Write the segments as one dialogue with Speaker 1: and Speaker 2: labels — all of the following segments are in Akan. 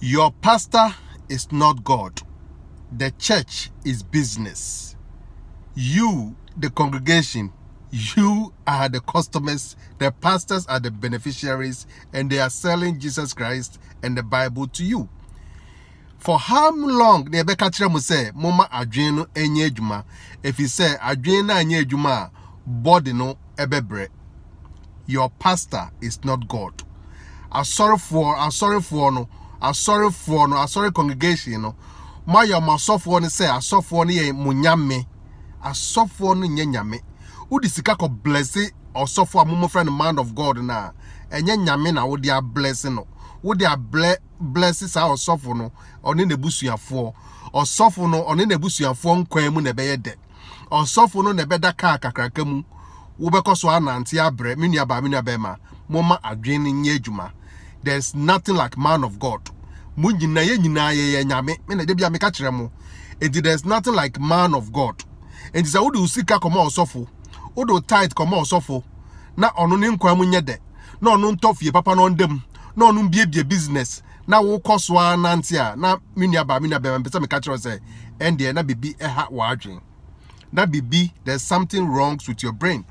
Speaker 1: Your pastor is not God. The church is business. You, the congregation, you are the customers, the pastors are the beneficiaries, and they are selling Jesus Christ and the Bible to you. For how long na ebe kachira mu say moma adwen no enye adwuma if you say adwen na enye adwuma body no ebebre your pastor is not god I'm sorry for I'm sorry for no asɔre foɔ no asɔre congregation no mo ayɛ ɔmo asɔfoɔ no sɛ asɔfoɔ no yɛ mo nyame asɔfoɔ no nyɛ nyame wodi sika kɔ blɛse ɔsɔfoɔ a mo no man of god na ɛnyɛ nyame na wodi ablɛse no wodi ablɛ blɛse saa ɔsɔfo no ɔne n'ebusuafoɔ ɔsɔfo no ɔne n'ebusuafoɔ nkwan mu na ɛbɛyɛ dɛ ɔsɔfo no na ɛbɛda kaa kakraka mu wobɛkɔ so anante abrɛ me nua baa me nua bɛrima moma adwene no nyɛ adwuma there is nothing like man of god mo nyinaa yɛ nyinaa yɛ yɛ nyame mena de bia meka kyerɛ mo eti there is nothing like man of god eti sɛ wode wo sika kɔma ɔsɔfo wode wo tight kɔma ɔsɔfo na ɔno ne nkwa mu nyɛ dɛ na ɔno ntɔ fie papa no ndam na ɔno mbiebie business na wokɔ so a nante a na me nua baa me nua bɛrima mpɛ sɛ meka kyerɛ sɛ ɛndeɛ na biribi ɛha w'adwen na biribi there is something wrong with your brain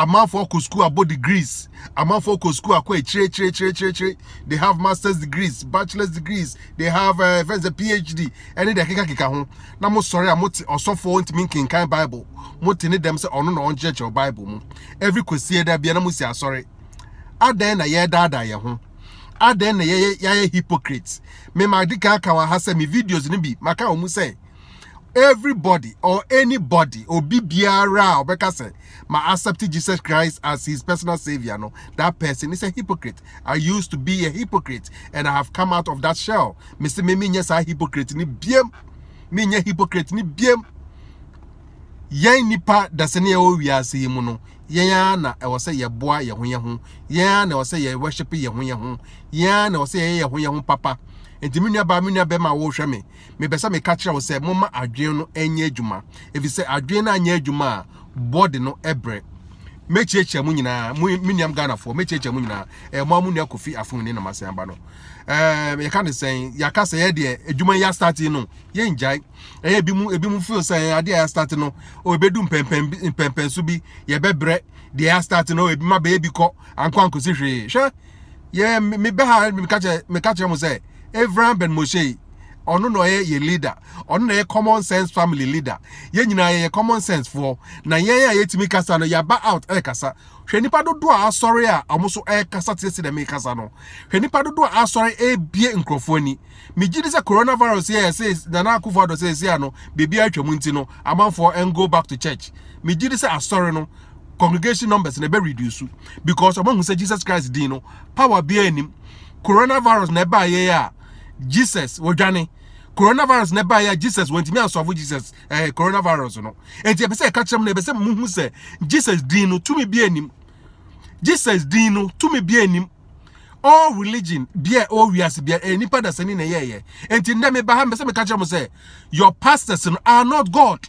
Speaker 1: amanfoɔ kɔ sukuu abɔ degrees amanfoɔ kɔ sukuu akɔ akyirɛkyirɛkyirɛkyirɛ e they have masters degrees bachelors degrees they have uh, eh, fɛn sɛ phd ɛne deɛ kekakeka ho na mo sɔre a mo te ɔsɔfoɔ ntumi nkenkan bible mo te ne dɛm sɛ ɔno na ɔnkyerɛkyerɛ bible mu every kɔsi ɛda bia na mo si asɔre adan na yɛdaadaa yɛn ho adan na yɛyɛ yɛayɛ hypocrite mɛma adi kan ka wɔn ha sɛ mi videos no bi maka wɔn mu sɛ everybody or anybody obi biara a ɔbɛka sɛ. my accepting Jesus Christ as his personal savior, no, that person is a hypocrite. I used to be a hypocrite and I have come out of that shell. Mr. Mimi, yes, I hypocrite ni biem. Me nye hypocrite ni biem. Yen nipa dasene o wiase mu no. Yen na e wo se ye boa ye ho ye ho. Yen na wo se ye worship ye ho ye ho. Yen na wo se ye ye ho ye ho papa. nti me nuabaa me nuabɛma a wɔrehwɛ me mepɛ sɛ meka kyerɛ wo say mama adwene no ɛnyɛ juma. If you say no anyɛ adwuma juma. bɔɔde no brɛ mɛkyiakyia mu nyinaa menuam ghanafoɔ mɛkyiakyia mu nyinaa ɛmoa mu nua kofi afom ne namasɛn aba no yɛka ne sɛn yɛaka sɛ yɛdeɛ adwuma yi yɛastarte no yɛngyae ɛyɛ bi mu ebi mu feel sɛ adeɛ a yɛastarte no ɔbɛdu mpɛmpɛn mpɛmpɛn so bi yɛbɛbrɛ deɛ yɛastarte no ebi ma bɛyɛ bi kɔ ankɔ ankɔsi hwee hwɛ yɛ mebɛ ha meka kyerɛ mo sɛ evran ben moshe ɔno na ɔyɛ yɛ leader ɔno na yɛ common sense family leader yɛn nyinaa yɛyɛ common sense foɔ na yɛn a yɛtumi kasa no yaba out ɛrekasa hwɛ nipa dodoɔ a asɔre a ɔmo nso ɛrekasa te sɛ dɛm ɛrekasa no hwɛ nipa dodoɔ a asɔre ɛrebie nkurɔfoɔ ni megye di sɛ coronavirus yɛ ɛsɛ nana akufo adɔ sɛ ɛsɛ ano beebi atwa mu nti no amanfoɔ ɛngo back to church megye di sɛ asɔre no congregation numbers na ɛbɛ reduce because ɔmo ahu sɛ jesus christ din no power bia anim coronavirus na ɛbaa yɛ yɛ a jesus wɔdwane coronavirus ne ɛbaeɛ a jesus mi asɔfo jesus ɛɛ coronavirus no eti ɛbɛsɛ ɛka kyerɛm na ɛbɛsɛ mu hu sɛ jesus din no tumi bi anim jesus din no tumi bi anim all religion bia all wiase bia eh, nipa dasani na yɛyɛ enti ndɛ meba ha mbɛsɛ meka kyerɛ mo sɛ your pastors are not god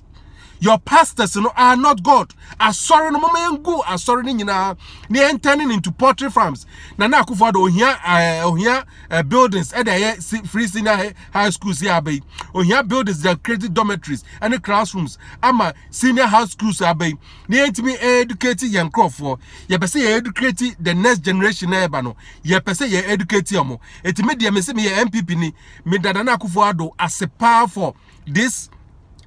Speaker 1: your pastors you know, are not God asɔre no mama yɛn gu asɔre no nyinaa na yɛn turning into poultry farms na na akufo ado ohia ɛɛ uh, eh, ohia uh, buildings ɛde ɛyɛ free senior high, high schools yɛ abɛyi ohia buildings that create dormitories ɛne classrooms ama senior high schools abɛyi na yɛn ntumi educate yɛn nkorɔfoɔ yɛpɛ sɛ yɛ educate the next generation na ɛba no yɛpɛ sɛ yɛ educate wɔn etimi deɛ mesi mi yɛ npp ni mi dada na akufo ado ase paa for this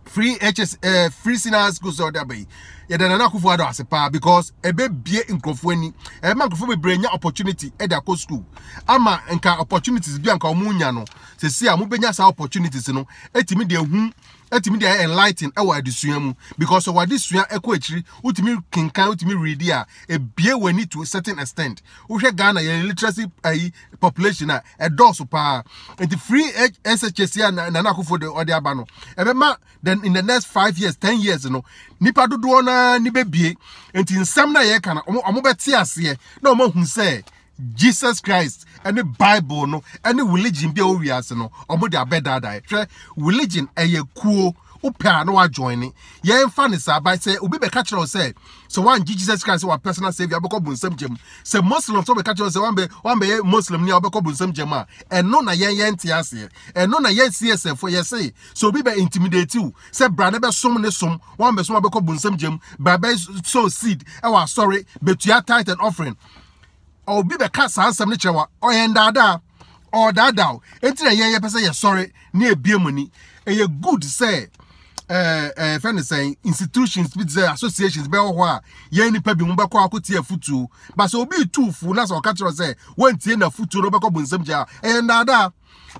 Speaker 1: free hs uh, eh, free sinners go sọ ọdẹ abayi yɛda na akufo ado ase because ebe ɛbɛbie nkurɔfoɔ ani ɛbɛma nkurɔfoɔ bebree nya opportunity ɛde eh, akɔ school ama nka opportunities bi a nka wɔn nya no sisi a wɔbɛnya saa opportunities no etimi de ehu ɛtumi deɛ ɛyɛ enlighten ɛwɔ adesua mu because ɔwɔ adesua ɛkɔ akyiri wotumi kinkan wotumi readi a ebie wɔ to a certain extent wohwɛ ghana yɛn literacy ayi eh, population a ɛdɔɔso paa nti free shs a nana akofo de ɔde aba no ɛbɛma then in the next five years ten years no nipa dodoɔ naa ni bɛbie nti nsɛm na yɛreka no ɔmo ɔmo bɛte aseɛ na ɔmo ahu sɛ jesus christ ɛne bible no ɛne religion bi a wɔwi ase no wɔn de abɛdaadaa hwɛ religion ɛyɛ kuo wopɛ a na wajoin ne yɛmfa ne saa ban sɛ obi bɛka kyerɛ wo sɛ sɛ wangye jesus christ wa personal saviour wobɛkɔ bonsam gyam sɛ muslim so bɛka kyerɛ wo sɛ wambɛyɛ muslim ni a wobɛkɔ bonsam gyam a ɛno na yɛnyɛnte aseɛ ɛno na yɛnsie sɛfoɔ yɛse sɛ obi bɛ intimidate wo sɛ bra ne bɛsom ne som wambɛsom wabɛkɔ bonsam gyam bra bɛ sow seed ɛwɔ asɔre bɛtua titan offering obi bɛka saa nsɛm no kyerɛ wa ɔyɛ ndaadaa ɔdaadaa nti na yɛn yɛpɛ sɛ yɛsɔre ne ebie mu ni ɛyɛ good sɛ ɛɛ ɛɛ fɛn ne sɛn institutions bi sɛ associations bɛwɔ hɔ a yɛn nipa bi mu bɛkɔ akotie afutuo baasa obi tu fu na sɛ ɔka kyerɛ sɛ wɔntie na afutuo na ɔbɛkɔ bu nsɛm gya ɛyɛ ndaadaa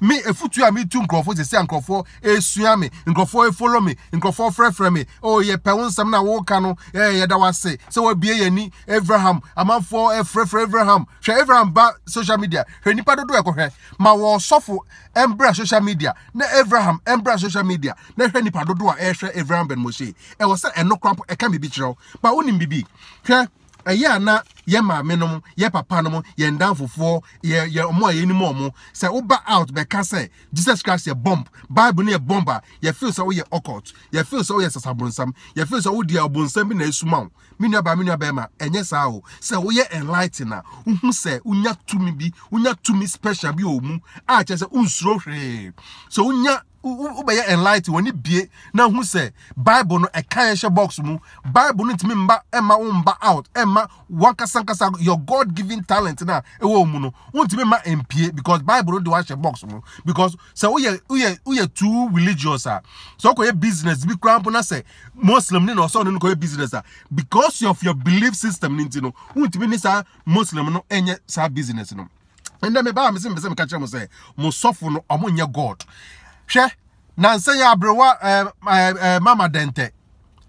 Speaker 1: me efutu a metu nkurɔfoɔ sɛ sɛ nkurɔfoɔ esua me nkurɔfoɔ efolo me nkurɔfoɔ e frɛfrɛ me o yɛ pɛ wo nsɛm na woka no ɛɛ e, yɛda wase sɛ wabie yɛn ni abraham amanfoɔ ɛfrɛfrɛ e abraham hwɛ abraham ba social media hwɛ nipa dodo ɛkɔhwɛ ma wɔ sɔfo social media na abraham ɛmbra social media na hwɛ nipa dodo a ɛɛhwɛ abraham bɛnmɔhyɛ ɛwɔ sɛ ɛno kora ɛka biribi kyerɛw ba wonim biribi hwɛ ɛyɛ ana yɛ maame nom yɛ papa nom yɛ ndanfofoɔ yɛ yɛ ɔmo a yɛ nim ɔmo sɛ woba out bɛka sɛ jesus christ yɛ bomb bible no yɛ bomb a yɛfeel sɛ woyɛ occult yɛfeel sɛ woyɛ sasabonsam yɛfeel sɛ wodi abonsam bi na esuma o mi nua baa mi nua bɛrima ɛnyɛ saa o sɛ woyɛ enlighten a wohu sɛ wonya tumi bi wonya tumi special bi wɔ mu a kyerɛ sɛ nsuro hwee so wonya wobɛyɛ enlight wɔne bie na hu sɛ bible no ɛka ɛhyɛ box mu bible no ntumi mba ɛma wo mba out ɛma wankasankasa your god given talent na ɛwɔ mu no wontumi ma mpie because bible no de wahyɛ box mu because sɛ woyɛ woyɛ woyɛ too religious a sɛ wokɔyɛ business bi koraa mpo na sɛ muslim ne na ɔsɛ ɔno no kɔyɛ business a because of your belief system no nti no wontumi ne saa muslim no ɛnyɛ saa business no ɛnna mebaa me sɛ mepɛ sɛ meka kyerɛ mo sɛ mo sɔfo no ɔmo nyɛ god hwɛ nansa yɛ abrewa ɛɛ eh, ɛɛ eh, eh, mama dɛntɛ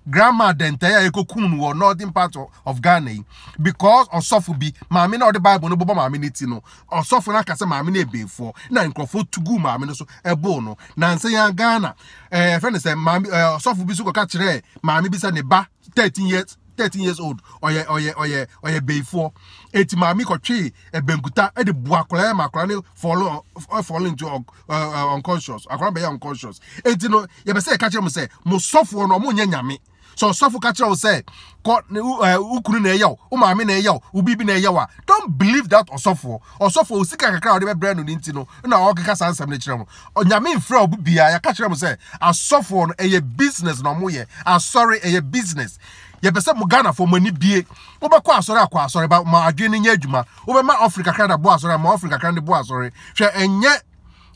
Speaker 1: grandma dɛntɛ yɛ ekokum no wɔ northern part of ghana yi because ɔsɔfo bi maame na ɔde bible no bɔbɔ maame ne ti no ɔsɔfo na akasa maame no ebeefoɔ na nkurɔfoɔ tugu maame no so ɛboo no nansa yɛ ghana ɛɛ fɛn sɛ maame ɛɛ ɔsɔfo bi so kɔka kyerɛ maame bi sɛ ne ba thirteen years thirteen years old ɔyɛ ɔyɛ ɔyɛ ɔyɛ bɛyifoɔ eti maame kɔtwe ɛbɛnkuta ɛde e bu akɔla ɛma e akɔla ne fɔlɔ fɔlɔ into uh, uh, unconscious akɔla bɛyɛ unconscious eti no yɛbɛ sɛ ɛka kyerɛ mo sɛ mo sɔfoɔ no ɔmo nyɛ nyame sɛ ɔsɔfo ka kyerɛ wo sɛ uh, kɔ ne ɛɛ ukunu na ɛyɛ wo maame na ɛyɛ wo bibi na ɛyɛ wo a don't believe that ɔsɔfo ɔsɔfo o sika kakra a ɔde bɛbrɛ no ne nti no na ɔkeka saa nsɛm no kyerɛ mo ɔnyame nfrɛ ɔbo bia yɛka kyerɛ mo sɛ asɔfo no ɛyɛ e business na ɔmo yɛ asɔre ɛyɛ business yɛpɛ sɛ mo ghanafoɔ mo ani bie wobɛkɔ asɔre akɔ asɔre ba ma adwene no nyɛ adwuma wobɛma ɔfiri kakra na boɔ asɔre ama ɔfiri kakra no boɔ asɔre hwɛ ɛnyɛ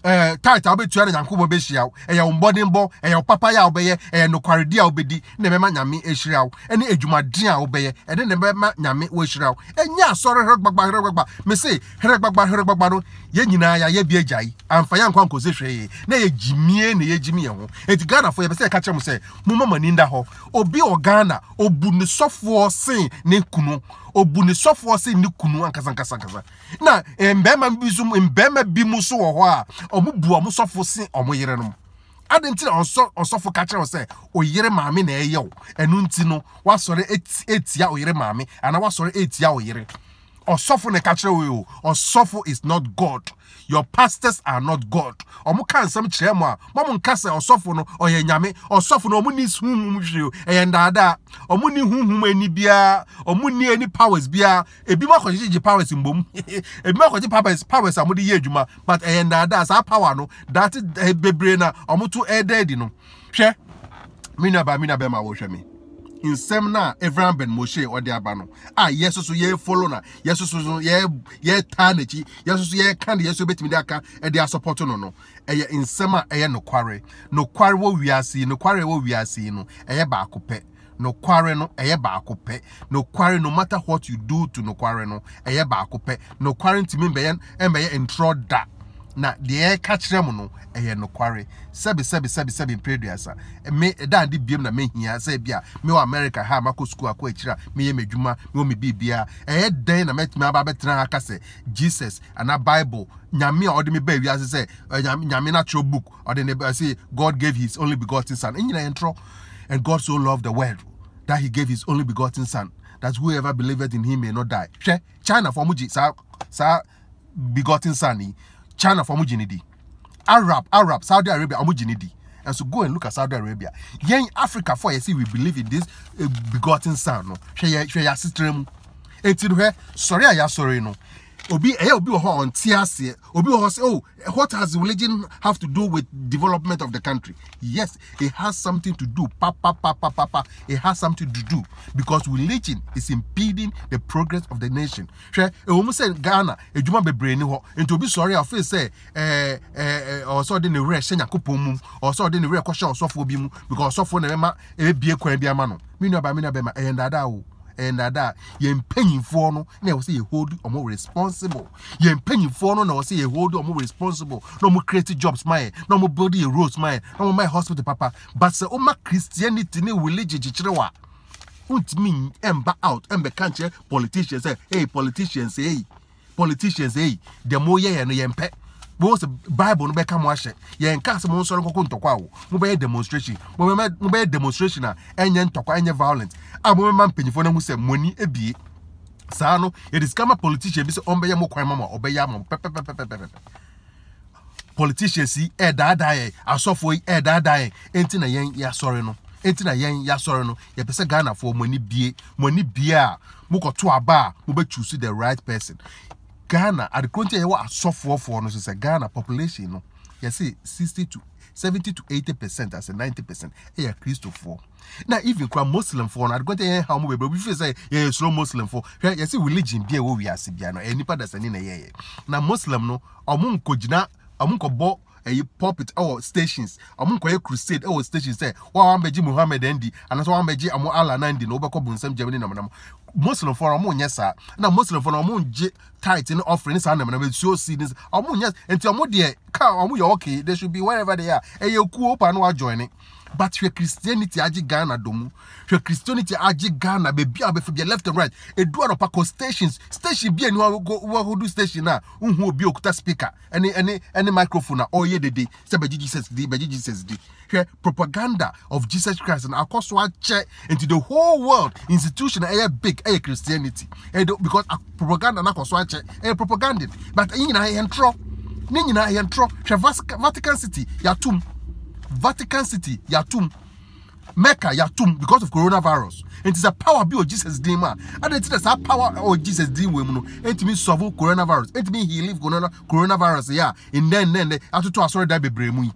Speaker 1: Eh, tait abɛtua no nyankopɔn bɛhyia wo ɛyɛ wo Mbɔ ɛyɛ wo papayɛ a wobɛyɛ ɛyɛ nokwaredi a wobɛdi ne ɛbɛma nyame ahyira wo ɛne adwumaden a wobɛyɛ ɛne ne bɛma nyame wɔahyira wo ɛnyɛ asɔre herɛ gbagba herɛ gbagba me se herɛ gbagba herɛ gbagba no yɛn nyinaa yɛayɛ bi agyae amfa yɛ nkwa nkɔsɛ hwɛ yɛ na yɛgyimie na yɛgyimi yɛn ho ɛnti ghanafoɔ yɛpɛ sɛ yɛka kyerɛ m sɛ momama ni da hɔ obi ɔ ghana ɔbu ne sɔfoɔ sen ne kunu obu ne sɔfoɔ sɛ ne kunu ankasankasankasa na eh, mbɛrima bi so mbɛrima bi mu so wɔ hɔ a ɔmo bu ɔmo sɔfo se ɔmo yere no adi nti na ɔsɔ ɔsɔfo ka kyerɛ sɛ oyere maame na ɛyɛ o ɛnu nti no wasɔre etia oyere maame anaa wasɔre etia oyere ɔsɔfo na ɛka wo o ɔsɔfo is not god your pastors are not god ɔmo ka nsɛm kyerɛ mo a mo ɔmo nka sɛ ɔsɔfo no ɔyɛ nyame ɔsɔfo no ɔmo ni huhum hwiri o ɛyɛ ndaadaa ɔmo ni huhum ani biara ɔmo ni ani powers biara ebi mo akɔgyegye powers mbom ebi mo akɔgye powers powers a mo de yɛ adwuma but ɛyɛ ndaadaa saa power no daate bebree na ɔmo to ɛɛdɛɛdi no hwɛ mi na ba mi na nua ma wɔhwɛ mi nsɛm no a evran ben moshe ɔde aba no a yɛso so yɛfolo na yɛso so yɛtaa n'akyi yɛso so yɛka de yɛso bɛtumi de aka de asɔpɔto no no ɛyɛ nsɛm a ɛyɛ nokware nokware wɔ wiase yi nokware wɔ wiase yi no ɛyɛ baako pɛ nokware no ɛyɛ baako pɛ nokware no matter what you do to nokware no ɛyɛ baako pɛ nokware ntumi mbɛyɛ mbɛyɛ ntorɔ da na deɛ ɛka kyerɛ mu no ɛyɛ nokware sɛbi sɛbi sɛbi sɛbi mpereduasa me ɛdan de biem na mehia sɛ ebi a mewɔ america ha a makɔ sukuu akɔ akyire a meyɛ m'adwuma mewɔ me biribia ɛyɛ dɛn na mɛtumi aba abɛtena ha ka sɛ jesus anaa bible nyame a ɔde me ba ewiase sɛ nyame n'atwerɛ book ɔde ne ba say god gave his only begotten son ɛnyina yɛn trɔ and god so loved the world that he gave his only begotten son that whoever believeth in him may not die hwɛ china fɔ ɔmo gye saa saa begotten son yi. China for Mujinidi, Arab, Arab, Saudi Arabia, Mujinidi. And so go and look at Saudi Arabia. Here in Africa, for you see, we believe in this uh, begotten son. No, she, she, she, sister. And eh, to her, eh? sorry, I am sorry, no obi ɛyɛ eh, obi wɔ hɔ a ɔnte aseɛ obi wɔ hɔ sɛ oh what has religion have to do with development of the country yes it has something to do papapapapapa it has something to do because religion is impeding the progress of the nation hwɛ ɛwɔ eh, mu sɛ ghana edwuma bebree ni hɔ nti obi sɔre a ɔfiri sɛ ɛɛ eh, ɛɛ ɔsɛ ɔde ne werɛ hyɛ nyakopɔn mu ɔsɛ ɔde ne werɛ kɔhyɛ ɔsɔfoɔ bi mu because ɔsɔfoɔ na ɛbɛma ɛbɛbie kwan bi ama no mi nua ba mi nua bɛma ɛyɛ ndaadaa o ɛnada yɛn mpanyinfoɔ no na ɛwɔ sɛ yɛ hold ɔmo responsible yɛn mpanyinfoɔ no na ɛwɔ sɛ yɛ hold ɔmo responsible na ɔmo create jobs ma yɛ na ɔmo build yɛ roads ma yɛ na ɔmo ma yɛ hospital papa but sɛ ɔma christianity ne religion kyekyere wa ntumi ɛmba out ɛmbɛka nkyɛn politicians ɛ ɛyi politicians hey politicians hey. dɛm ɔyɛ yɛn no yɛn mpɛ bó sɛ bible no bɛka mo ahyɛ yɛn nka sɛ mo nsɔre nkɔkɔ ntɔkwa o mo bɛyɛ demonstration mo bɛyɛ demonstration a ɛnyɛ ntɔkwa ɛnyɛ violent a mo bɛma mpanyinfoɔ no ho sɛ mo ani ebie saa no yɛde sika ma politician bi sɛ ɔmbɛyɛ mo kwan ma mo a ɔbɛyɛ ama mo pɛpɛpɛpɛpɛpɛ politicians yi ɛɛdaadaa yɛ asɔfoɔ yi ɛɛdaadaa yɛ enti na yɛn yɛasɔre no enti na yɛn yɛasɔre no yɛpɛ sɛ ghanafoɔ mo ani bie mo ani bie a mokɔto aba a choose the right person ghana adekoro nti a yɛwɔ asɔfoɔfoɔ no so sɛ ghana population no yɛsɛ sixty to seventy to eighty percent asɛ ninety percent ɛyɛ kristofoɔ na even kora muslimfoɔ no adekoro nti yɛn ha wɔn bebree obi fi sɛ yɛyɛ soro muslimfoɔ hwɛ yɛsɛ religion bi a ɛwɔ wiase bia no ɛyɛ nipa dasani na ɛyɛyɛ na muslim no ɔmo nkɔgyina ɔmo nkɔbɔ ɛyi pulpit ɛwɔ stations ɔmo nkɔyɛ crusade ɛwɔ stations sɛ wɔn a wɔn abɛgye muhammed ɛndi anaasɛ wɔn abɛgye ɔmo allah nandi na wɔbɛkɔ bonsam germany namanam muslimfoɔ no ɔmo nyɛ saa ɛna muslimfoɔ no ɔmo ngye tight ne offering ne saa namanam esuo si ne ɔmo nyɛ nti ɔmo deɛ car ɔmo yɛ okay they should be wherever they are ɛyɛ kuo pa no wa join ne. but your christianity agye ghana dɔ mu hwɛ christianity agye ghana baabi a wobɛfa bia left and right ɛdu anɔpa kɔ stations station bi ani do station a wohu obi okuta speaker Any any any microphone na. All a ɔreyɛ dede sɛ bɛgye jesus di bɛgye jesus di hwɛ propaganda of jesus christ na akɔ so akyɛ into the whole world institution aye eh, big Aye eh, christianity ɛyɛ eh, because propaganda na akɔ so akyɛ propaganda but ɛyi nyinaa yɛn trɔ ne nyinaa yɛn trɔ hwɛ vatican city yɛatom vatican city yatum mecca yatum because of coronavirus It is a power bi jesus din mu a adi ti na power wɔ oh, jesus din wey mu no It ntumi sɔfo coronavirus It ntumi heal corona coronavirus then, then, nnɛnnɛnnɛ atoto asɔredan bebree mu yi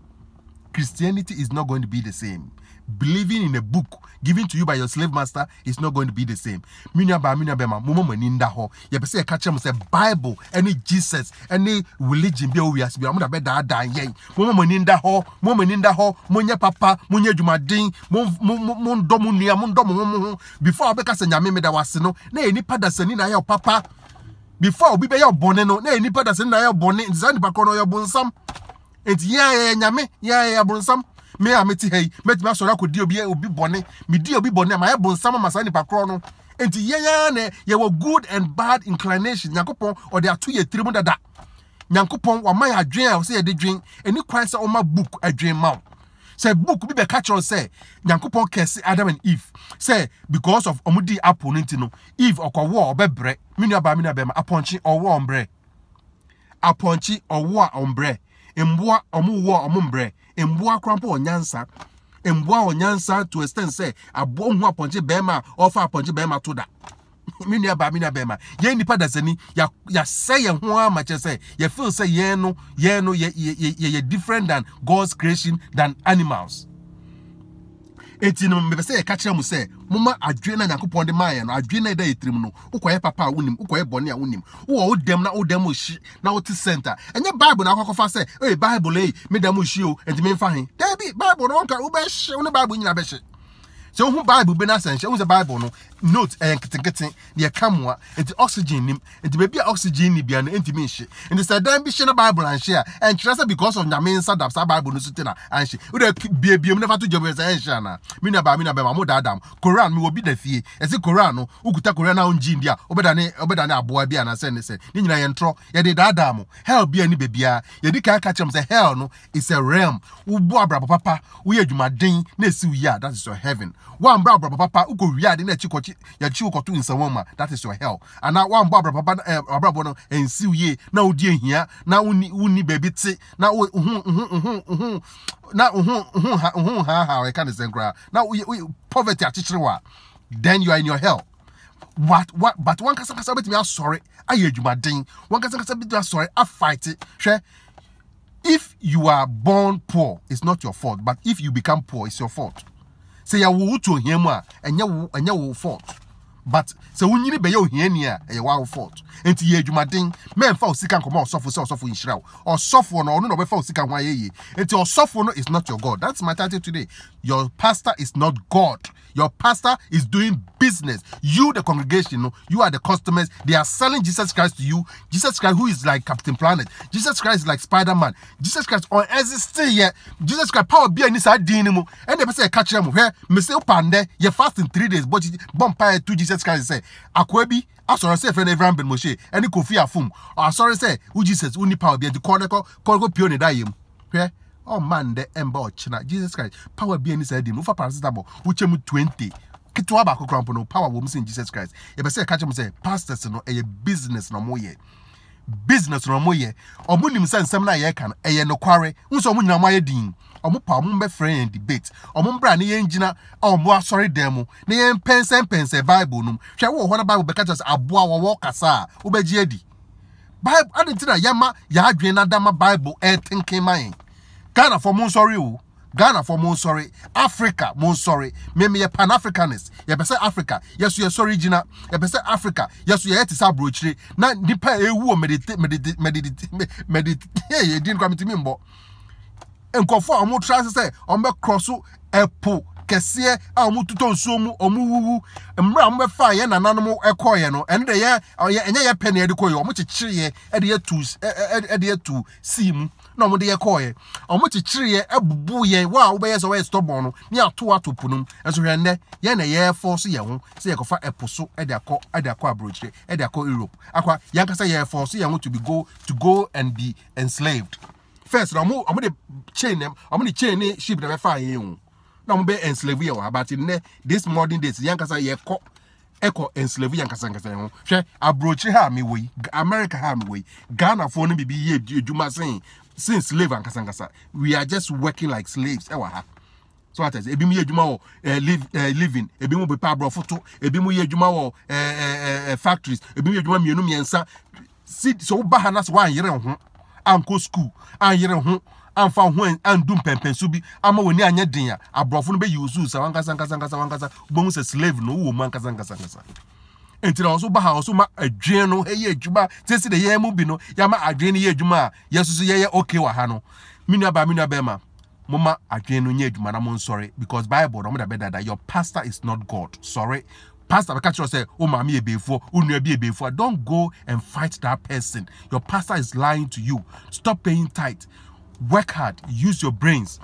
Speaker 1: christianity is not going to be the same believing in a book given to you by your slave master is not going to be the same. Minyaba, minyaba, ma, mumo mani nda ho. Yebe se ekache mo se Bible, any Jesus, any religion bi owi asibi. Amuda be da da ye. Mumo mani nda ho, mumo mani nda ho. Munye papa, munye jumadin, mun mun do mun niya, mun do mun mun. Before abeka se nyame me da wasi no. Ne eni pada se na ya papa. Before obi be ya bone no. Ne eni pada se na ya bone. Nti sa kono ya bonsam. Nti ya ya nyame, ya ya bonsam me a mete ha yi mɛtumi asɔre akɔdi obi e, obi bɔne medi obi bɔne a mayɛ e bonsam ama saa nipa korɔ no nti yɛn ara na yɛwɔ good and bad inclination nyankopɔn ɔde ato yɛ tirim dada nyankopɔn wama yɛ adwen a ɔsɛ yɛde dwen ɛni kwan sɛ ɔma book adwen ma wo sɛ book bi bɛka kyerɛ sɛ nyankopɔn kɛse adam and eve sɛ because of ɔmo di apple no nti no eve ɔkɔwɔ a ɔbɛbrɛ me nua baa me nua bɛrima apɔnkye ɔwɔ ɔmbrɛ apɔnkye ɔwɔ a ɔmbrɛ mboa ɔmo wɔ ɔmo mbrɛ mboa koraa mpo wɔ nyansa mboa wɔ nyansa to extent sɛ aboa hu apɔnkye bɛrima a ɔfa apɔnkye bɛrima to da me nua baa me nua bɛrima yɛn nipa dasani yasɛ yɛn ho ama kyɛ sɛ yɛfeel sɛ yɛn no yɛn no yɛ yɛ yɛ different than god's creation than animals eti no mepɛ sɛ yɛka kyerɛ mu sɛ moma adwene na nyankopɔn de maayɛ no adwene na ɛda yɛtirim no wokɔyɛ papa a wonim wokɔyɛ bɔne a wonim wowɔ wo dɛm na wo dɛm ohyi na wote center ɛnyɛ bible na akɔkɔfa sɛ ey bible ei me dɛm o ɛnti memfa he daabi bible no wonka wobɛhye wo ne bible nyina bɛhye sɛ wohu bible bi no asɛnhyɛ wohu sɛ bible no note ɛyɛ eh, nketenkete ne yɛka mmoa nti oxygen nim nti baabi a oxygen ni bia no ɛntumi nhye nti sɛ dan bi hye no bible anhye a ɛnkyerɛ sɛ because of nyame nsa da saa bible no so te na anhye wode biebiam ne fa to gyabu eh, sɛ ɛnhye anaa me nuabaa me nuabɛma mo daadam koran mewɔ bi da fie ɛsɛ koran no wokuta koran no a wongye ndi a wobɛdane aboa bi anaasɛ ne sɛ ne nyina yɛntorɔ yɛde daadaa mo hell bia ni baabiaa yɛdi kan ka kyerɛ m sɛ hell no is a realm wobɔ abrabɔ papa woyɛ adwumaden na ɛsi wo yie a that is your heaven one bra bra papa uko wia de na chikochi ya chi ukoto nsawon ma that is your hell and now one bra bra papa eh bra bra no ensi eh, uye na odi ehia na uni uni baby ti na hu hu hu hu na hu hu ha hu ha ha we can say kra na poverty achichiri wa then you are in your hell what what but one kasa kasa betimi asori aye adwumaden one kasa kasa betimi asori afight hwe if you are born poor it's not your fault but if you become poor it's your fault sɛ yɛwo wo to ohia mu a ɛnyɛ wo ɛnyɛ wo fault but sɛ wonyini bɛyɛ ohiani a ɛyɛ wawo fault nti yɛ adwumaden mɛmfa wo sika nkɔmɔ ɔsɔfo sɛ ɔsɔfo nhyira wo ɔsɔfo no ɔno na ɔbɛfa wo sika ho ayɛyie nti ɔsɔfo no is not your god that's my title today Your pastor is not God. Your pastor is doing business. You, the congregation, you are the customers. They are selling Jesus Christ to you. Jesus Christ, who is like Captain Planet. Jesus Christ is like Spider Man. Jesus Christ, on existing yet. Jesus Christ, power be in this dinimo. And the person catch them where Mister oh, Pande, eh, you fast in three days, but bump fire to Jesus Christ say, Akwebi, asọrọ ah, sẹ fẹrẹ ẹvẹrẹ bẹn mọṣẹ ẹni kofi afum sorry say, who ah, oh, Jesus who ni power be the corner call kọ kọ pio that him. yẹ ọ oh, ma de emba ọchịna Jesus Christ power bi eni sɛ di mu ufa paracetamol wuche m twenty ketewa baako kora power bụ power wɔ mu sin Jesus Christ yɛbɛ sɛ ɛka kyɛ na ọmụ yɛ business na ọmụ yɛ ɔmo nim sɛ nsɛm na yɛka no ɛyɛ nokware nso ɔmo nyinaa na ọmụ bɛka kasa a na na dama baịbụl ɛɛtenken ma ghana for mo nsɔre o ghana for mo nsɔre africa mo nsɔre mmemme yɛ pan africanist yɛpɛ sɛ africa yɛso yɛsɔre gyina yɛpɛ sɛ africa yɛso yɛyɛ te sɛ aburokyire na nipa ewu wɔ medite medite medite medite ee yɛdi nkura mi ti mi mbɔ nkɔfo a wɔn tra sɛ wɔn bɛ korɔ so ɛpo kɛseɛ a wɔn tutɔ nsuo mu wɔn wuwu mmerɛ a wɔn bɛfa yɛn nananom kɔɔɛ no ɛno de yɛ ɛnyɛ yɛ pɛ na yɛde kɔɔɛ wɔn kyekyere yɛ ɛde yɛ tu ɛɛ ɛde yɛ tu sii mu na ɔmo de yɛ kɔɔɛ ɔmo kyikyiri yɛ ɛbubu yɛ wo a wobɛyɛ sɛ wɔyɛ stɔbɔn no ne ato ato po nom nso hwɛ nnɛ yɛn na yɛɛfɔ so yɛn ho sɛ yɛkɔfa ɛpo so ɛde akɔ ɛde akɔ aburokyire ɛde akɔ europe akwa yɛn kasa yɛɛfɔ so yɛn ho to be go to go and be enslaved first na ɔmo ɔmo de chain na ɔmo de chain ne ship na bɛfa yɛn ho na ɔmo bɛ enslave yɛ wɔ abati nnɛ this modern days yɛn kasa yɛkɔ ɛkɔ nslevi yɛn nkasankasa yɛn ho hwɛ aburokyi ha mi wɔ yi america ha mi wɔ yi ghanafoɔ no bibi yɛ edwuma sin sin slave ankasankasa we are just working like slaves ɛwɔ ha so ati ebi mu yɛ edwuma wɔ ɛɛ eh, live eh, ɛɛ living ebi mu pepa aborɔfo to ebi mu yɛ edwuma wɔ ɛɛ ɛɛ ɛɛ factories ebi mu yɛ edwuma mmienu mmiɛnsa si so woba ha na so wɔanyere ho ankɔ school anyere ho amfa ho andu mpɛmpɛnso bi ama w'ani anyɛ den a aborɔfo no bɛyi wo so sa wankasa nkasa nkasa wankasa wobɛhu sɛ slave no wowɔ mu ankasa nkasa nkasa nti na ɔso ba ha ɔso ma adwene no ɛyɛ adwuma sɛsi de yɛn mu bi no yɛama adwene no yɛ adwuma a yɛsoso yɛyɛ okay wɔ ha no me nuabaa me nuabɛrima moma adwene no nyɛ adwuma na monsɔre because bible na ɔmoda bɛdada your pastor is not god sɔre pastor bɛka kyerɛ sɛ wo maame yɛ beefoɔ wo nua bi yɛ beefoɔ don't go and fight that person your pastor is lying to you stop paying tight work hard use your brains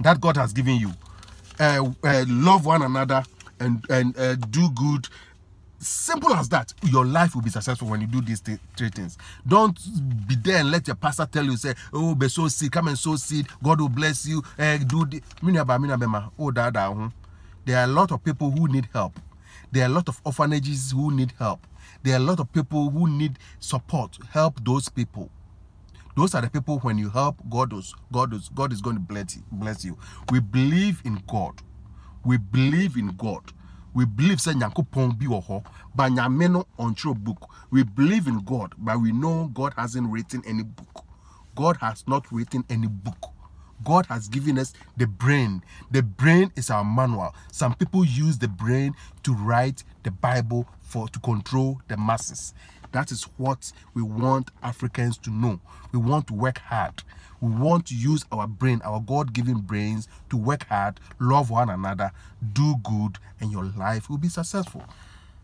Speaker 1: that god has given you uh, uh, love one another and and uh, do good simple as that your life will be successful when you do these th three things don't be there and let your pastor tell you say oh be so seed come and sow seed god will bless you uh, do the oh, hmm. there are a lot of people who need help there are a lot of orphanages who need help there are a lot of people who need support help those people those are the people when you help God, is, God, is, God is going to bless you, bless you. We believe in God. We believe in God. We believe say but nyame no book. We believe in God, but we know God hasn't written any book. God has not written any book. God has given us the brain. The brain is our manual. Some people use the brain to write the Bible for to control the masses. That is what we want Africans to know. We want to work hard. We want to use our brain, our God-given brains, to work hard, love one another, do good, and your life will be successful.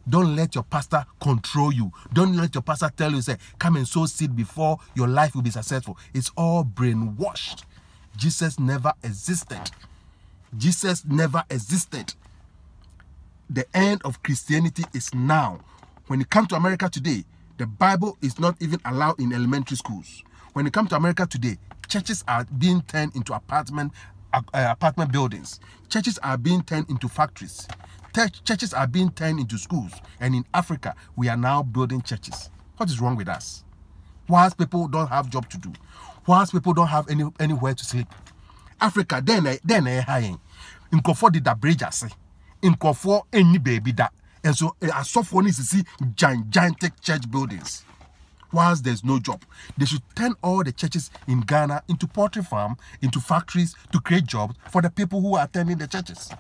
Speaker 1: Don't let your pastor control you. Don't let your pastor tell you, say, come and sow seed before your life will be successful. It's all brainwashed. Jesus never existed. Jesus never existed. The end of Christianity is now. When you come to America today, the Bible is not even allowed in elementary schools. When it comes to America today, churches are being turned into apartment uh, apartment buildings. Churches are being turned into factories. churches are being turned into schools. And in Africa, we are now building churches. What is wrong with us? Whilst people don't have job to do, whilst people don't have any anywhere to sleep. Africa, then then eh, high. Eh. Nkurɔfoɔ deda bridge in Kofor any baby that. And so, ẹ̀sùn asọ́fọ́ ní giant gigantic church buildings whilst there's no job they should turn all the churches in Ghana into poultry farm into factories to create jobs for the people who are attending the churches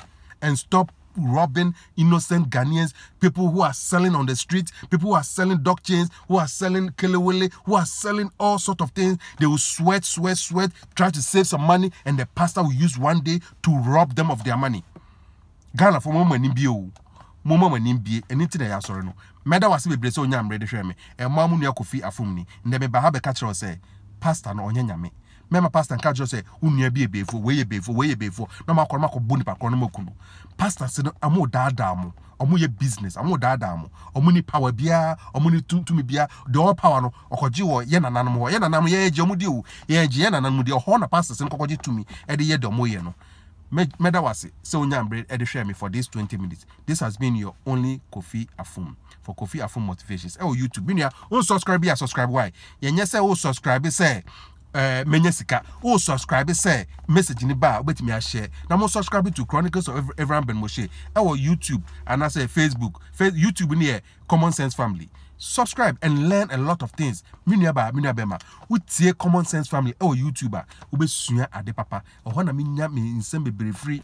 Speaker 1: and stop robbing innocent Ghanaians, people who are selling on the streets, people who are selling dog chains, who are selling kilewele, who are selling all sorts of things. They will sweat, sweat, sweat, try to save some money, and the pastor will use one day to rob them of their money. Ghana for more money, mo e, ma mo anim bie ɛni ti na yɛ asɔre no mɛda wase bebree sɛ onya mmerɛ de hwɛ me ɛmoa mu nua kofi afom ni ndɛ meba ha bɛka kyerɛw sɛ pastor no ɔnyɛ nyame mɛma pastor nka kyerɛw sɛ wo nua bi yɛ e beefoɔ yɛ beefoɔ wei yɛ beefoɔ na ɔmo akɔrɔ makɔ bu nipa korɔ na ɔmo aku no pastor si no ɔmo daadaa mo ɔmo yɛ business ɔmo daadaa mo ɔmo ni power biara ɔmo ni tumi biara deɛ ɔwɔ power no ɔkɔgye wɔ yɛ nananom hɔ yɛ nananom yɛ ɛgye ɔmo di o yɛ ɛgye yɛ nananom di ɔhɔ na pastor si no kɔkɔgye tumi ɛde e yɛ deɛ ɔmo yɛ no mɛda wase sɛ wonya mberɛ ɛde hwɛ me for this twenty minutes this has been your only kofi afom for kofi afom motivations ɛwɔ youtube menua wonsubscribe bi a subscribe why yɛnyɛ sɛ wosubscribe sɛ Uh, menya sika wo subscribe sɛ message ni ba wobɛtumi ahyɛ na mo subscribe to chronicles of everyone ben moshe ɛwɔ youtube anaasɛ facebook youtube ni yɛ common sense family subscribe and learn a lot of things me nuaba me nuaba ma wotie common sense family ɛwɔ youtube a wobɛsua ade papa ɛhɔ na menya me nsɛm bebree firi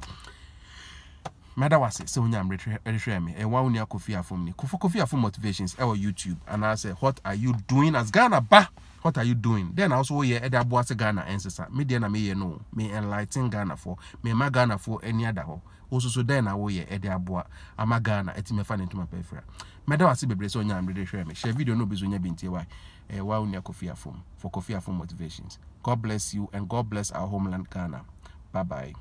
Speaker 1: mɛda wase sɛ wonya mmerɛhwɛ me ɛwa wo nua kofi afom ni kofo kofi afom motivations ɛwɔ youtube anaasɛ what are you doing as ghana ba what are you doing then na also woyɛ ɛde aboa se ghana ɛnsesa me deɛ na meyɛ no me enlighten ghanafoɔ mema ghanafoɔ ani ada hɔ wososo dɛn na woyɛ ɛde aboa ama ghana ɛtumi ɛfa ne ntoma pɛfira mɛda wase bebree sɛ wonya mmerɛhwɛ me hyɛ video no obi so nya bi ntie wa ɛwa wo nua kofi afom for kofi afom motivations god bless you and god bless our homeland ghana bye bye